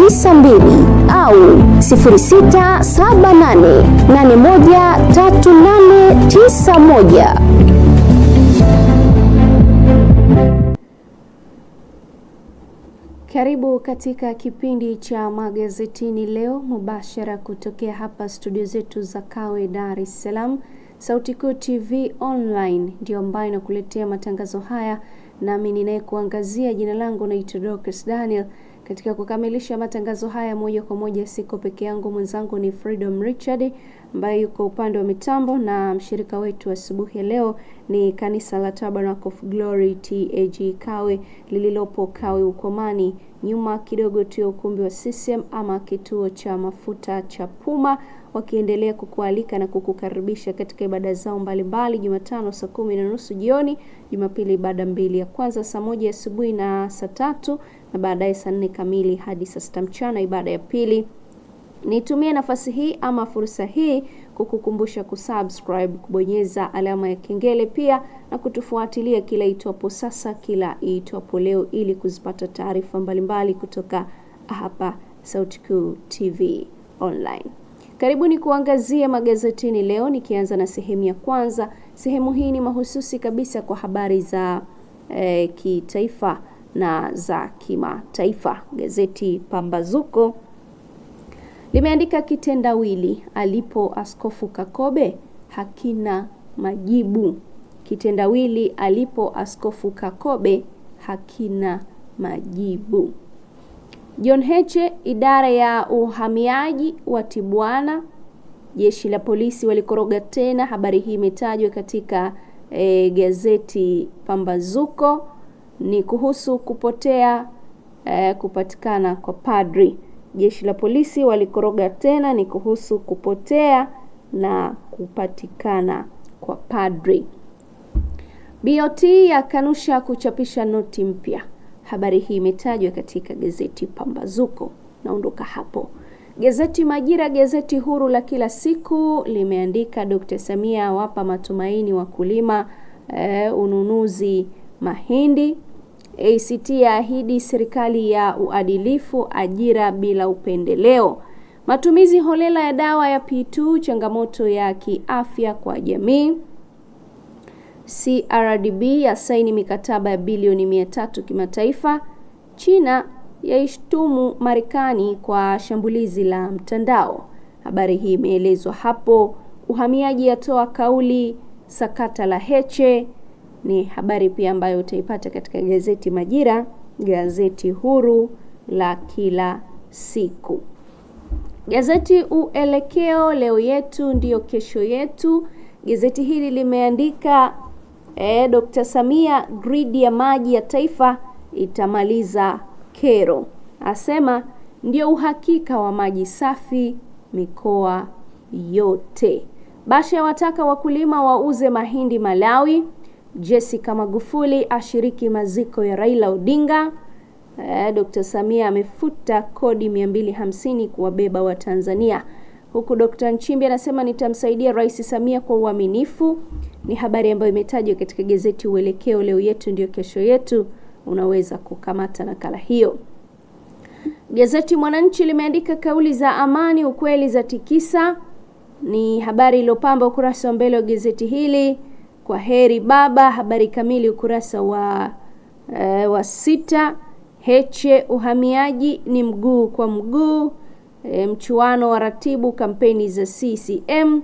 92 au 0678813891. Karibu katika kipindi cha magazetini leo mubashara kutokea hapa studio zetu za Kawe, Dar es Salaam. Sauti Kuu TV Online ndio ambayo inakuletea matangazo haya, nami ninayekuangazia, jina langu naitwa Dorcas Daniel katika kukamilisha matangazo haya moja kwa moja, siko peke yangu, mwenzangu ni Freedom Richard ambaye yuko upande wa mitambo, na mshirika wetu asubuhi ya leo ni kanisa la Tabernacle of Glory TAG Kawe lililopo Kawe Ukomani, nyuma kidogo tu ya ukumbi wa CCM ama kituo cha mafuta cha Puma wakiendelea kukualika na kukukaribisha katika ibada zao mbalimbali: Jumatano saa kumi na nusu jioni, Jumapili ibada mbili, ya kwanza saa moja asubuhi na saa tatu na baadaye saa nne kamili hadi saa sita mchana ibada ya pili. Nitumie nafasi hii ama fursa hii kukukumbusha kusubscribe, kubonyeza alama ya kengele pia na kutufuatilia kila itwapo sasa, kila itwapo leo, ili kuzipata taarifa mbalimbali kutoka hapa Sautikuu TV Online. Karibuni kuangazia magazetini leo, nikianza na sehemu ya kwanza. Sehemu hii ni mahususi kabisa kwa habari za e, kitaifa na za kimataifa. Gazeti Pambazuko limeandika kitendawili, alipo Askofu Kakobe hakina majibu. Kitendawili, alipo Askofu Kakobe hakina majibu. John Heche, idara ya uhamiaji wa Tibwana, jeshi la polisi walikoroga tena. Habari hii imetajwa katika e, gazeti Pambazuko, ni kuhusu kupotea e, kupatikana kwa padri. Jeshi la polisi walikoroga tena, ni kuhusu kupotea na kupatikana kwa padri. BOT yakanusha kuchapisha noti mpya. Habari hii imetajwa katika gazeti Pambazuko. Naondoka hapo. Gazeti Majira, gazeti huru la kila siku, limeandika Dr. Samia awapa matumaini wakulima e, ununuzi mahindi. ACT yaahidi serikali ya uadilifu, ajira bila upendeleo. Matumizi holela ya dawa ya P2, changamoto ya kiafya kwa jamii. CRDB yasaini mikataba ya bilioni 300 kimataifa. China yaishtumu Marekani kwa shambulizi la mtandao. Habari hii imeelezwa hapo. Uhamiaji yatoa kauli, sakata la Heche ni habari pia ambayo utaipata katika gazeti Majira, gazeti huru la kila siku. Gazeti Uelekeo, leo yetu ndiyo kesho yetu. Gazeti hili limeandika E, eh, Dkt. Samia, gridi ya maji ya taifa itamaliza kero, asema ndio uhakika wa maji safi mikoa yote. Bashe wataka wakulima wauze mahindi Malawi. Jessica Magufuli ashiriki maziko ya Raila Odinga. E, eh, Dkt. Samia amefuta kodi 250 kuwabeba Watanzania huku Dkt. Nchimbi anasema nitamsaidia Rais Samia kwa uaminifu. Ni habari ambayo imetajwa katika gazeti Uelekeo, leo yetu ndio kesho yetu. Unaweza kukamata nakala hiyo. Gazeti Mwananchi limeandika kauli za amani, ukweli za tikisa, ni habari iliyopamba ukurasa wa mbele wa gazeti hili. Kwa heri baba, habari kamili ukurasa wa, e, wa sita. Heche, uhamiaji ni mguu kwa mguu e, mchuano wa ratibu kampeni za CCM,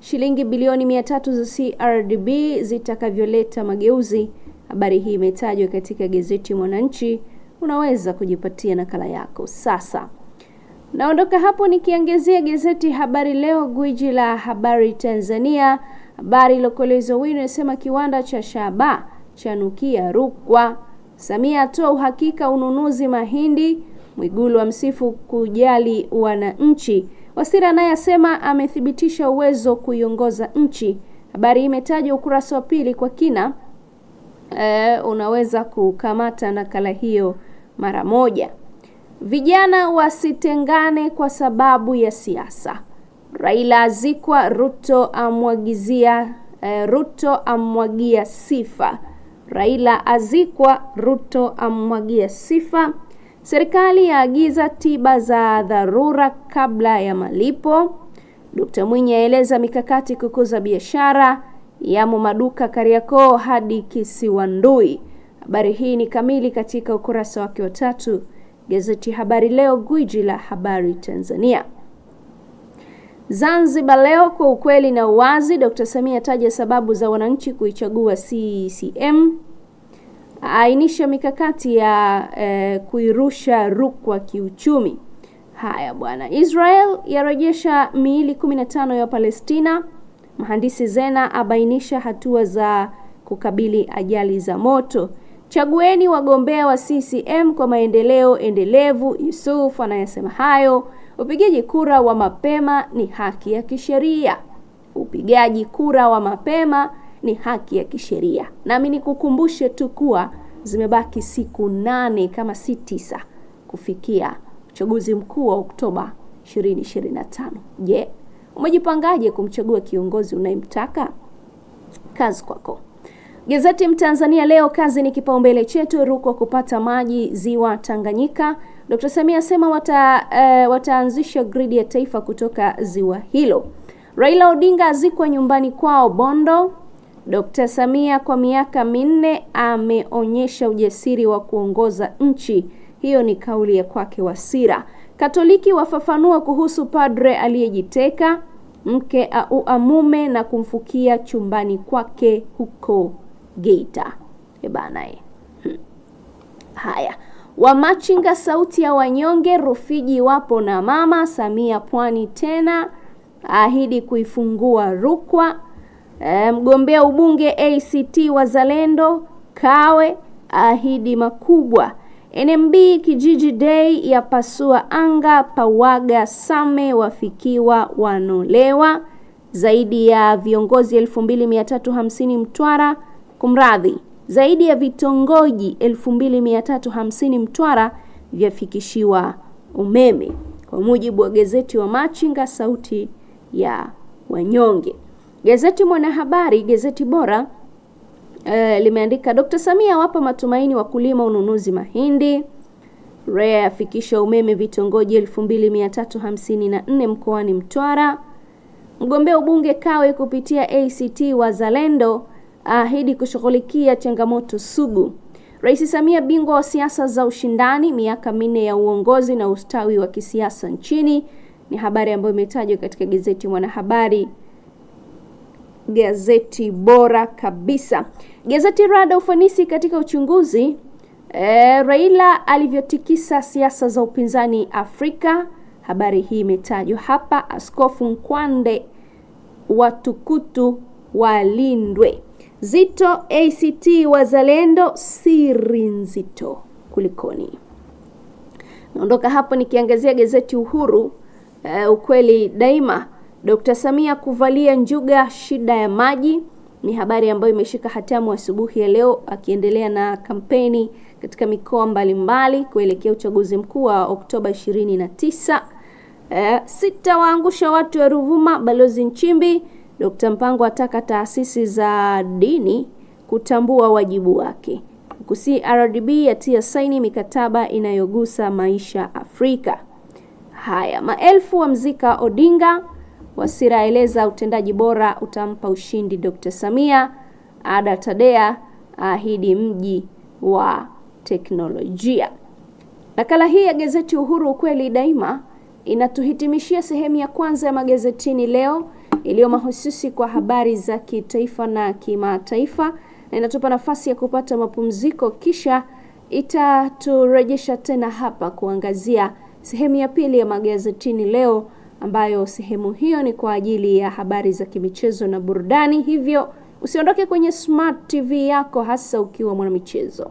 shilingi bilioni mia tatu za CRDB zitakavyoleta mageuzi. Habari hii imetajwa katika gazeti Mwananchi, unaweza kujipatia nakala yako sasa. Naondoka hapo nikiangazia gazeti Habari Leo, gwiji la habari Tanzania. Habari iliokolezwa wino inasema kiwanda cha shaba chanukia Rukwa, Samia atoa uhakika ununuzi mahindi Mwigulu amsifu msifu kujali wananchi. Wasira naye asema amethibitisha uwezo kuiongoza nchi. Habari imetajwa ukurasa wa pili kwa kina. E, unaweza kukamata nakala hiyo mara moja. Vijana wasitengane kwa sababu ya siasa. Raila azikwa, Ruto amwagizia e, Ruto amwagia sifa. Raila azikwa, Ruto amwagia sifa. Serikali yaagiza tiba za dharura kabla ya malipo. Dkt. Mwinyi aeleza mikakati kukuza biashara. Yamo maduka Kariakoo hadi Kisiwandui. Habari hii ni kamili katika ukurasa wake wa tatu, gazeti Habari Leo, gwiji la habari Tanzania. Zanzibar Leo, kwa ukweli na uwazi. Dkt. Samia taja sababu za wananchi kuichagua CCM. Ainisha mikakati ya eh, kuirusha Rukwa kiuchumi. Haya bwana. Israel yarejesha miili 15 ya Palestina. Mhandisi Zena abainisha hatua za kukabili ajali za moto. Chagueni wagombea wa CCM kwa maendeleo endelevu. Yusuf anayesema hayo. Upigaji kura wa mapema ni haki ya kisheria. Upigaji kura wa mapema ni haki ya kisheria. Nami nikukumbushe tu kuwa zimebaki siku nane kama si tisa kufikia uchaguzi mkuu wa Oktoba 2025. Je, yeah. Umejipangaje kumchagua kiongozi unayemtaka? Kazi kwako. Gazeti Mtanzania leo, kazi ni kipaumbele chetu. Ruko kupata maji ziwa Tanganyika. Dr. Samia asema wata, uh, wataanzisha gridi ya taifa kutoka ziwa hilo. Raila Odinga azikwa nyumbani kwao Bondo. Dkt. Samia kwa miaka minne ameonyesha ujasiri wa kuongoza nchi. Hiyo ni kauli ya kwake Wasira. Katoliki wafafanua kuhusu padre aliyejiteka, mke aua mume na kumfukia chumbani kwake huko Geita. Ebana e. Hmm. Haya. Wamachinga sauti ya wanyonge, Rufiji wapo na mama Samia pwani tena, ahidi kuifungua Rukwa. E, mgombea ubunge ACT Wazalendo Kawe ahidi makubwa. NMB kijiji dei ya pasua anga pawaga Same wafikiwa wanolewa. Zaidi ya viongozi 2350 Mtwara, kumradhi, zaidi ya vitongoji 2350 Mtwara vyafikishiwa umeme, kwa mujibu wa gazeti wa Machinga, sauti ya wanyonge. Gazeti Mwanahabari, gazeti bora e, limeandika Dkt. Samia awapa matumaini wakulima ununuzi mahindi. REA afikisha umeme vitongoji 2354 mkoani Mtwara. Mgombea ubunge Kawe kupitia ACT Wazalendo ahidi kushughulikia changamoto sugu. Rais Samia bingwa wa siasa za ushindani, miaka minne ya uongozi na ustawi wa kisiasa nchini, ni habari ambayo imetajwa katika gazeti Mwanahabari gazeti bora kabisa. Gazeti Rada, ufanisi katika uchunguzi. E, Raila alivyotikisa siasa za upinzani Afrika, habari hii imetajwa hapa. Askofu Nkwande Watukutu walindwe. Zito ACT Wazalendo, siri nzito kulikoni. Naondoka hapo nikiangazia gazeti Uhuru, e, ukweli daima Dkt. Samia kuvalia njuga shida ya maji ni habari ambayo imeshika hatamu asubuhi ya leo, akiendelea na kampeni katika mikoa mbalimbali kuelekea uchaguzi mkuu wa Oktoba 29. E, sita waangusha watu wa Ruvuma, Balozi Nchimbi. Dkt. Mpango ataka taasisi za dini kutambua wajibu wake. CRDB yatia saini mikataba inayogusa maisha Afrika. Haya, maelfu wa mzika Odinga Wasira aeleza utendaji bora utampa ushindi Dr. Samia. Ada Tadea ahidi mji wa teknolojia. Nakala hii ya gazeti Uhuru, ukweli daima, inatuhitimishia sehemu ya kwanza ya magazetini leo iliyo mahususi kwa habari za kitaifa na kimataifa, na inatupa nafasi ya kupata mapumziko, kisha itaturejesha tena hapa kuangazia sehemu ya pili ya magazetini leo ambayo sehemu hiyo ni kwa ajili ya habari za kimichezo na burudani. Hivyo usiondoke kwenye Smart TV yako, hasa ukiwa mwanamichezo.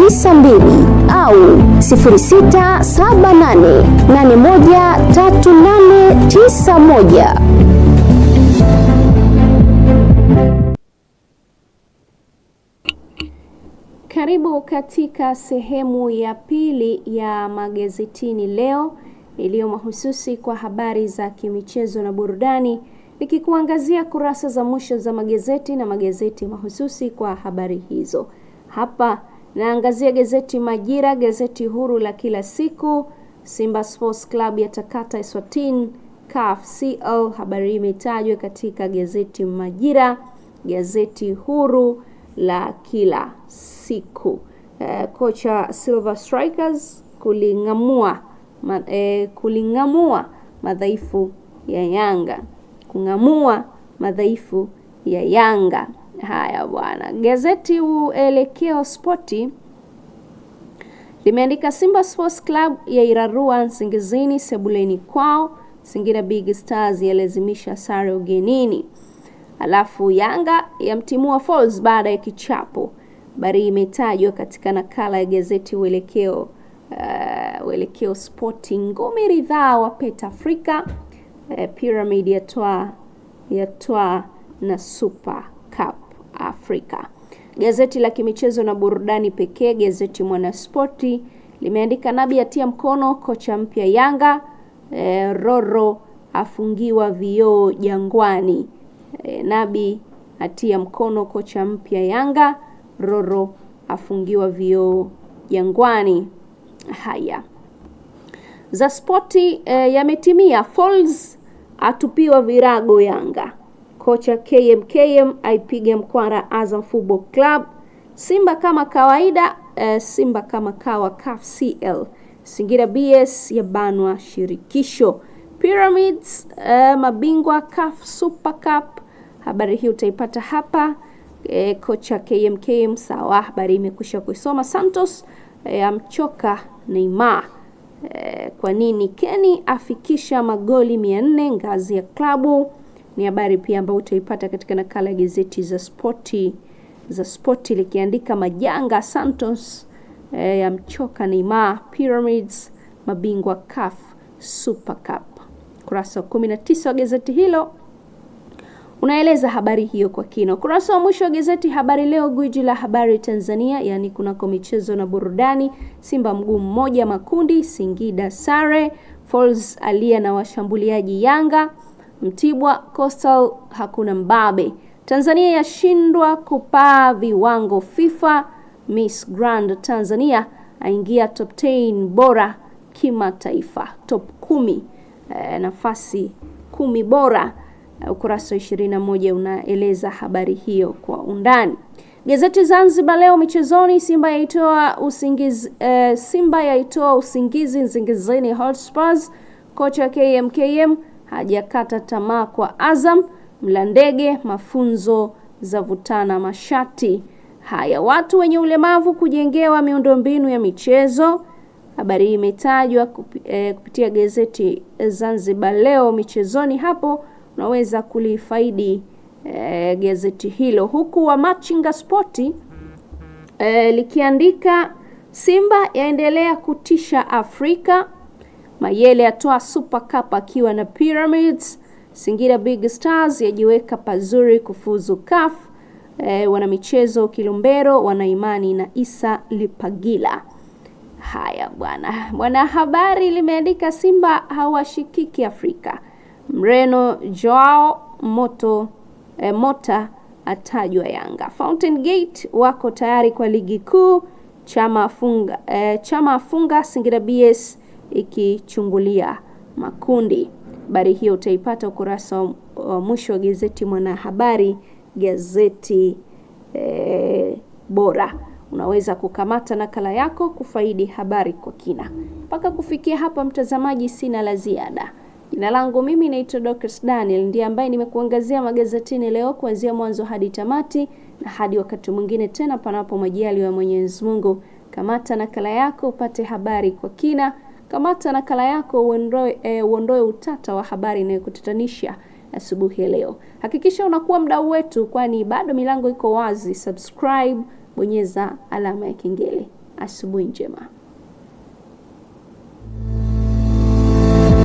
92 au moja. Karibu katika sehemu ya pili ya magazetini leo iliyo mahususi kwa habari za kimichezo na burudani, nikikuangazia kurasa za mwisho za magazeti na magazeti mahususi kwa habari hizo. Hapa Naangazia gazeti Majira, gazeti huru la kila siku. Simba Sports Club yatakata Eswatini CAF CO. Habari hii imetajwa katika gazeti Majira, gazeti huru la kila siku. E, kocha Silver Strikers kuling'amua ma, e, kuling'amua madhaifu ya Yanga, kung'amua madhaifu ya Yanga. Haya bwana, gazeti Uelekeo Spoti limeandika Simba Sports Club ya irarua Nsingizini sebuleni kwao. Singida Big Stars yalazimisha sare ugenini, alafu Yanga yamtimua Falls baada ya kichapo. Habari imetajwa katika nakala ya gazeti Uelekeo uh, Uelekeo Spoti. Ngumi ridhaa wa pet Afrika uh, eh, Pyramid yatwaa yatwaa na Super Afrika. Gazeti la kimichezo na burudani pekee, gazeti Mwanaspoti limeandika Nabi atia mkono kocha mpya Yanga. E, Roro afungiwa vioo Jangwani. E, Nabi atia mkono kocha mpya Yanga. Roro afungiwa vioo Jangwani. Haya, za spoti e, yametimia. Falls atupiwa virago Yanga. Kocha KMKM aipiga mkwara Azam Football Club. Simba kama kawaida uh, Simba kama kawa CAFCL. Singida BS ya banwa shirikisho. Pyramids uh, mabingwa CAF Super Cup. Habari hii utaipata hapa e, kocha KMKM. Sawa, habari imekwisha kuisoma. Santos e, amchoka Neymar. kwa nini Keni afikisha magoli 400 ngazi ya klabu ni habari pia ambayo utaipata katika nakala ya gazeti za spoti za spoti likiandika majanga Santos eh, ya mchoka Neymar, Pyramids mabingwa CAF Super Cup. Ukurasa wa 19 wa gazeti hilo unaeleza habari hiyo kwa kina. Ukurasa wa mwisho wa gazeti Habari Leo, gwiji la habari Tanzania, yaani kunako michezo na burudani, Simba mguu mmoja makundi, Singida sare, Falls alia na washambuliaji Yanga Mtibwa Coastal hakuna mbabe. Tanzania yashindwa kupaa viwango FIFA. Miss Grand Tanzania aingia top 10 bora kimataifa, top 10 e, eh, nafasi kumi bora. Eh, ukurasa wa 21 unaeleza habari hiyo kwa undani. Gazeti Zanzibar Leo michezoni, Simba yaitoa usingizi, e, Simba yaitoa usingizi zingizini Hotspurs, kocha KMKM hajakata tamaa kwa Azam. Mlandege mafunzo za vutana mashati haya. Watu wenye ulemavu kujengewa miundombinu ya michezo. Habari hii imetajwa eh, kupitia gazeti eh, Zanzibar Leo. Michezoni hapo unaweza kulifaidi eh, gazeti hilo, huku Machinga Spoti eh, likiandika Simba yaendelea kutisha Afrika Mayele atoa Super Cup akiwa na Pyramids. Singida Big Stars yajiweka pazuri kufuzu CAF. E, eh, wanamichezo Kilombero wanaimani na Isa Lipagila. Haya bwana, Mwanahabari limeandika Simba hawashikiki Afrika. Mreno Joao Moto, e, Mota atajwa Yanga. Fountain Gate wako tayari kwa ligi kuu. Chama afunga, e, eh, Chama afunga Singida BS ikichungulia makundi. Habari hiyo utaipata ukurasa wa mwisho wa gazeti Mwanahabari, gazeti e, bora. Unaweza kukamata nakala yako kufaidi habari kwa kina. Mpaka kufikia hapa, mtazamaji, sina la ziada. Jina langu mimi naitwa Dorcas Daniel, ndiye ambaye nimekuangazia magazetini leo kuanzia mwanzo hadi tamati, na hadi wakati mwingine tena, panapo majaliwa ya Mwenyezi Mungu. Kamata nakala yako upate habari kwa kina. Kamata nakala yako uondoe, e, uondoe utata wa habari inayokutatanisha asubuhi ya leo. Hakikisha unakuwa mdau wetu, kwani bado milango iko wazi. Subscribe, bonyeza alama ya kengele. Asubuhi njema.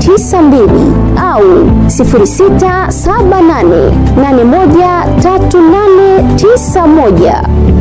92 au 0678813891.